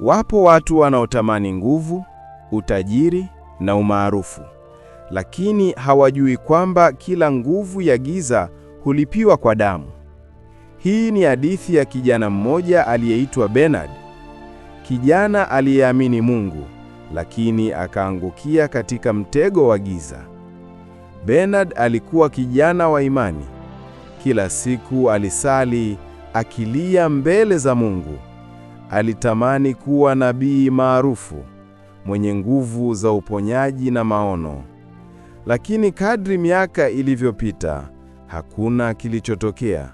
Wapo watu wanaotamani nguvu, utajiri na umaarufu, lakini hawajui kwamba kila nguvu ya giza hulipiwa kwa damu. Hii ni hadithi ya kijana mmoja aliyeitwa Bernard, kijana aliyeamini Mungu lakini akaangukia katika mtego wa giza. Bernard alikuwa kijana wa imani. Kila siku alisali akilia mbele za Mungu Alitamani kuwa nabii maarufu mwenye nguvu za uponyaji na maono, lakini kadri miaka ilivyopita, hakuna kilichotokea.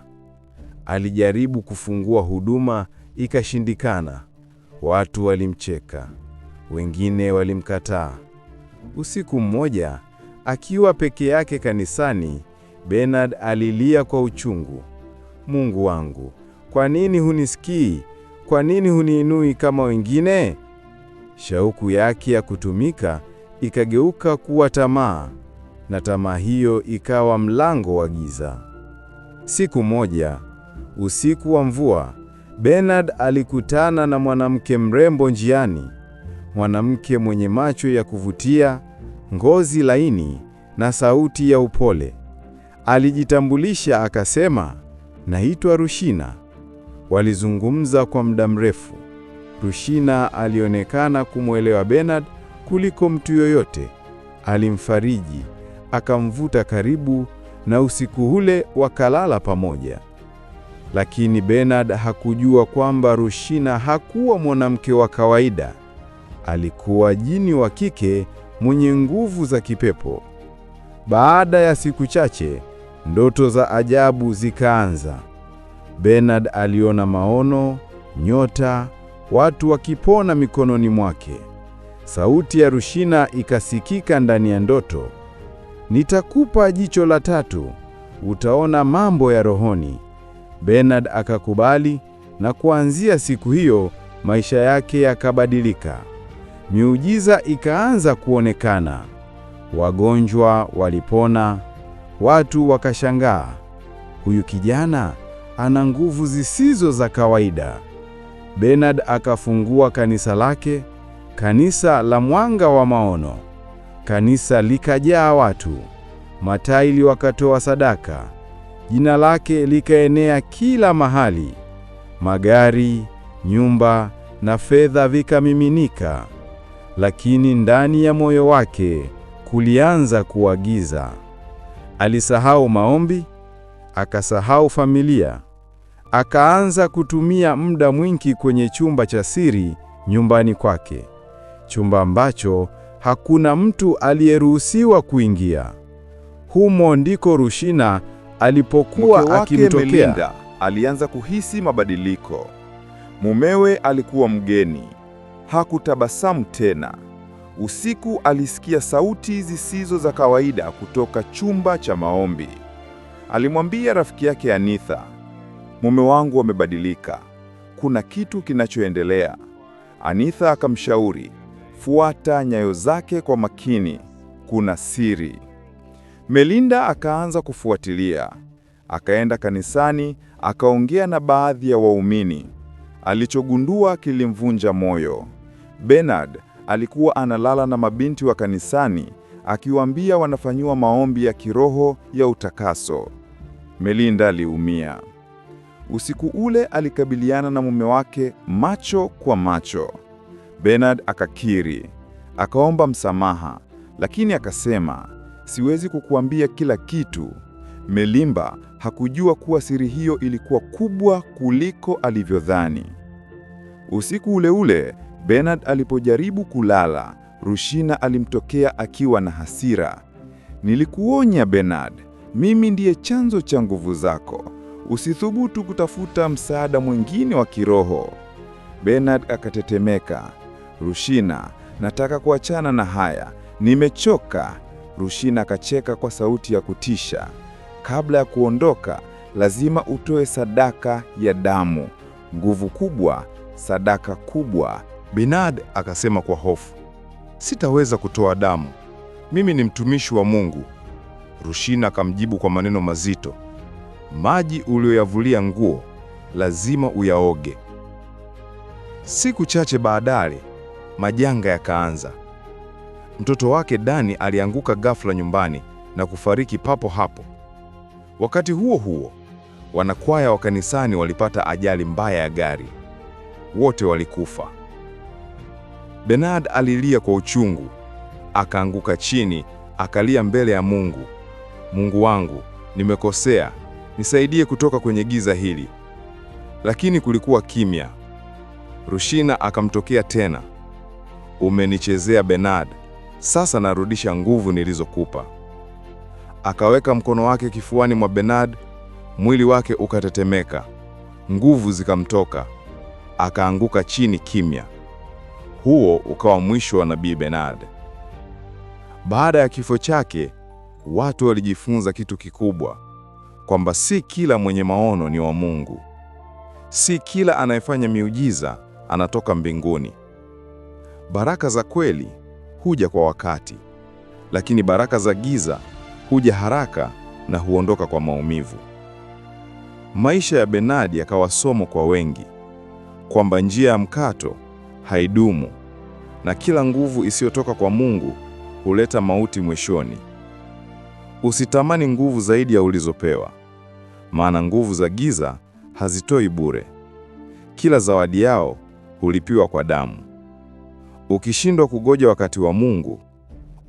Alijaribu kufungua huduma ikashindikana. Watu walimcheka, wengine walimkataa. Usiku mmoja akiwa peke yake kanisani, Bernard alilia kwa uchungu, Mungu wangu, kwa nini hunisikii? kwa nini huniinui kama wengine? Shauku yake ya kutumika ikageuka kuwa tamaa, na tamaa hiyo ikawa mlango wa giza. Siku moja, usiku wa mvua, Bernard alikutana na mwanamke mrembo njiani, mwanamke mwenye macho ya kuvutia, ngozi laini na sauti ya upole. Alijitambulisha akasema, naitwa Rushina. Walizungumza kwa muda mrefu. Rushina alionekana kumwelewa Bernard kuliko mtu yoyote. Alimfariji, akamvuta karibu, na usiku ule wakalala pamoja. Lakini Bernard hakujua kwamba Rushina hakuwa mwanamke wa kawaida. Alikuwa jini wa kike mwenye nguvu za kipepo. Baada ya siku chache, ndoto za ajabu zikaanza. Bernard aliona maono, nyota, watu wakipona mikononi mwake. Sauti ya Rushina ikasikika ndani ya ndoto, nitakupa jicho la tatu, utaona mambo ya rohoni. Bernard akakubali, na kuanzia siku hiyo maisha yake yakabadilika. Miujiza ikaanza kuonekana, wagonjwa walipona, watu wakashangaa, huyu kijana ana nguvu zisizo za kawaida. Bernard akafungua kanisa lake, kanisa la Mwanga wa Maono. Kanisa likajaa watu, mataili wakatoa sadaka, jina lake likaenea kila mahali. Magari, nyumba na fedha vikamiminika, lakini ndani ya moyo wake kulianza kuwa giza. Alisahau maombi, akasahau familia, Akaanza kutumia muda mwingi kwenye chumba cha siri nyumbani kwake, chumba ambacho hakuna mtu aliyeruhusiwa kuingia. Humo ndiko Rushina alipokuwa akimtokea. Melinda alianza kuhisi mabadiliko. Mumewe alikuwa mgeni, hakutabasamu tena. Usiku alisikia sauti zisizo za kawaida kutoka chumba cha maombi. Alimwambia rafiki yake Anitha mume wangu amebadilika, kuna kitu kinachoendelea. Anitha akamshauri, fuata nyayo zake kwa makini, kuna siri. Melinda akaanza kufuatilia, akaenda kanisani, akaongea na baadhi ya waumini. Alichogundua kilimvunja moyo. Bernard alikuwa analala na mabinti wa kanisani, akiwaambia wanafanyiwa maombi ya kiroho ya utakaso. Melinda aliumia. Usiku ule alikabiliana na mume wake macho kwa macho. Bernard akakiri, akaomba msamaha, lakini akasema, siwezi kukuambia kila kitu. Melimba hakujua kuwa siri hiyo ilikuwa kubwa kuliko alivyodhani. Usiku ule ule, Bernard alipojaribu kulala, Rushina alimtokea akiwa na hasira. Nilikuonya Bernard, mimi ndiye chanzo cha nguvu zako usithubutu kutafuta msaada mwingine wa kiroho. Bernard akatetemeka. Rushina, nataka kuachana na haya, nimechoka. Rushina akacheka kwa sauti ya kutisha. Kabla ya kuondoka, lazima utoe sadaka ya damu, nguvu kubwa, sadaka kubwa. Bernard akasema kwa hofu, sitaweza kutoa damu, mimi ni mtumishi wa Mungu. Rushina akamjibu kwa maneno mazito, maji uliyoyavulia nguo lazima uyaoge. Siku chache baadaye majanga yakaanza. Mtoto wake Dani alianguka ghafla nyumbani na kufariki papo hapo. Wakati huo huo, wanakwaya wa kanisani walipata ajali mbaya ya gari, wote walikufa. Bernard alilia kwa uchungu, akaanguka chini, akalia mbele ya Mungu, Mungu wangu, nimekosea nisaidie kutoka kwenye giza hili. Lakini kulikuwa kimya. Rushina akamtokea tena, umenichezea Bernard, sasa narudisha nguvu nilizokupa. Akaweka mkono wake kifuani mwa Bernard, mwili wake ukatetemeka, nguvu zikamtoka, akaanguka chini kimya. Huo ukawa mwisho wa Nabii Bernard. Baada ya kifo chake, watu walijifunza kitu kikubwa kwamba si kila mwenye maono ni wa Mungu, si kila anayefanya miujiza anatoka mbinguni. Baraka za kweli huja kwa wakati, lakini baraka za giza huja haraka na huondoka kwa maumivu. Maisha ya Benadi yakawa somo kwa wengi, kwamba njia ya mkato haidumu na kila nguvu isiyotoka kwa Mungu huleta mauti mwishoni. Usitamani nguvu zaidi ya ulizopewa, maana nguvu za giza hazitoi bure. Kila zawadi yao hulipiwa kwa damu. Ukishindwa kugoja wakati wa Mungu,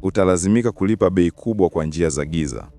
utalazimika kulipa bei kubwa kwa njia za giza.